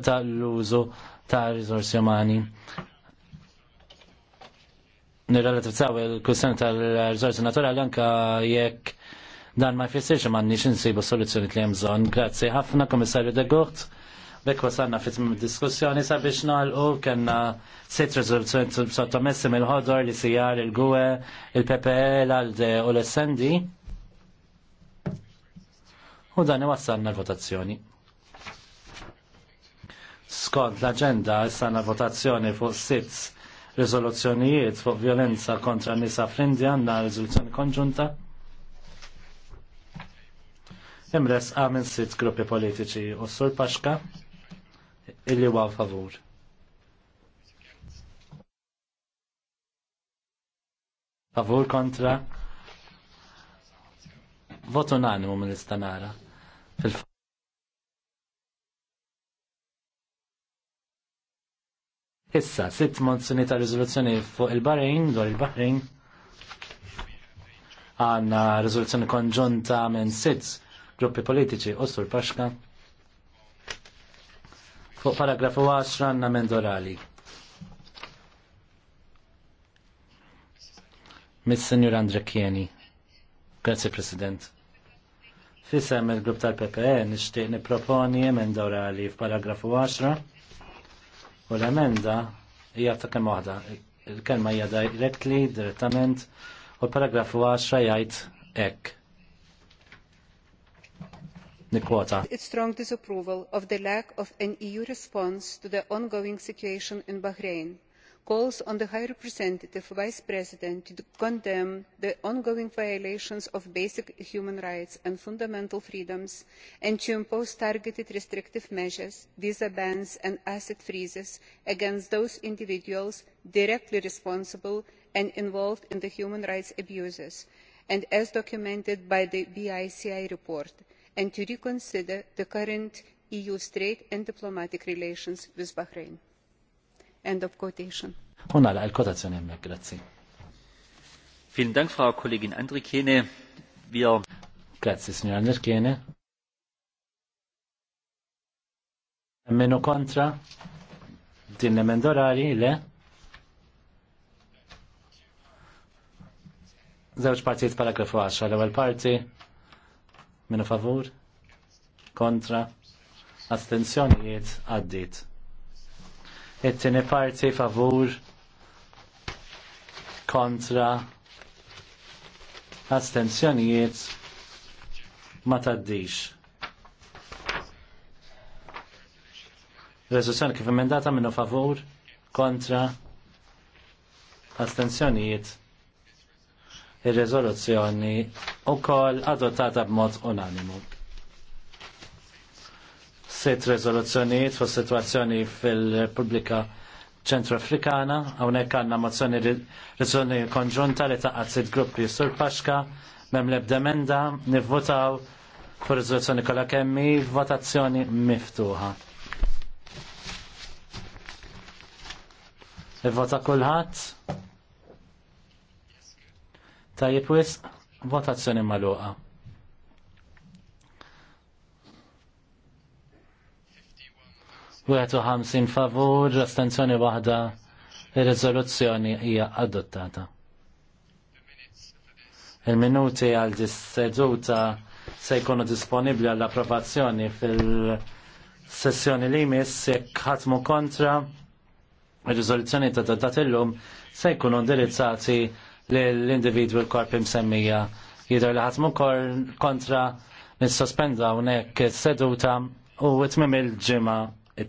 tal-użu ta' risorsi umani. Nirrelativizzaw il-kussjoni tal-rizorsi naturali anka jekk dan ma jfissirx ma nix insibu soluzzjoni li hemm bżonn. Grazzi ħafna Komissarju De Gucht. Bekk wasanna fit diskussjoni sabiex nagħlqu kena sitt riżoluzzjoni sottomessi mill-ħodor li sijar il-GUE, il-PPE, l-ALDE u l-SND. U dan i wasanna l-votazzjoni skont l-agenda jissana votazzjoni fuq sitz rizoluzzjonijiet fuq violenza kontra nisa fl-Indja għanna rizoluzzjoni konġunta. Imres għamen sitt gruppi politiċi u sur Paxka illi huwa favur. Favur kontra votu unanimu mill-istanara. Fil Issa, sitt mozzjoni ta' riżoluzzjoni fuq il-Bahrejn, dwar il-Bahrejn, għanna riżoluzzjoni konġunta minn sitt gruppi politiċi, Ostur Paxka, fuq paragrafu 10 għanna dorali. Miss senjur Andre Kieni. Grazie, President. Fisem il-grupp tal-PPE nishtiq niproponi emenda orali f'paragrafu 10 U l-emenda hija ta' kemm waħda. Il-kelma hija directly, direttament, u l-paragrafu għaxra jgħid hekk. Nikwota. Its strong disapproval of the lack of an EU response to the ongoing situation in Bahrain calls on the high representative vice president to condemn the ongoing violations of basic human rights and fundamental freedoms and to impose targeted restrictive measures visa bans and asset freezes against those individuals directly responsible and involved in the human rights abuses and as documented by the bici report and to reconsider the current EU trade and diplomatic relations with bahrain. End of quotation. Unna la il-kotazzjoni għemmek, grazzi. Vielen Dank, Frau Kollegin Andrikene. Wir Grazie, signor Andrikene. Meno kontra din l-emendorari le? Zewġ partijiet paragrafu 10, l-ewwel parti minu favur, kontra, astenzjonijiet għaddit it-tini parti favur kontra astenzjonijiet ma taddix. Rezoluzzjoni kif emendata minnu favur kontra astenzjonijiet ir-rezoluzzjoni u kol adottata b'mod unanimu set rezoluzzjonijiet fuq situazzjoni fil-Repubblika Ċentrafrikana, hawnhekk għandna mozzjoni rezoluzzjoni konġunta li taqgħad sitt gruppi sur Paxka, mem l emenda: nivvotaw fuq riżoluzzjoni kollha kemmi votazzjoni miftuħa. Nivvota kulħadd? Tajjeb wisq, votazzjoni magħluqa. 51 favur, astenzjoni waħda, ir-riżoluzzjoni hija adottata. Il-minuti għal dis-seduta se jkunu disponibli għall approvazzjoni fil-sessjoni li mis jekk ħatmu kontra ir-riżoluzzjoni ta' datat illum se jkunu indirizzati l-individwi l-korpi msemmija jidher li ħatmu kontra nis-sospenda unek seduta u t il-ġimma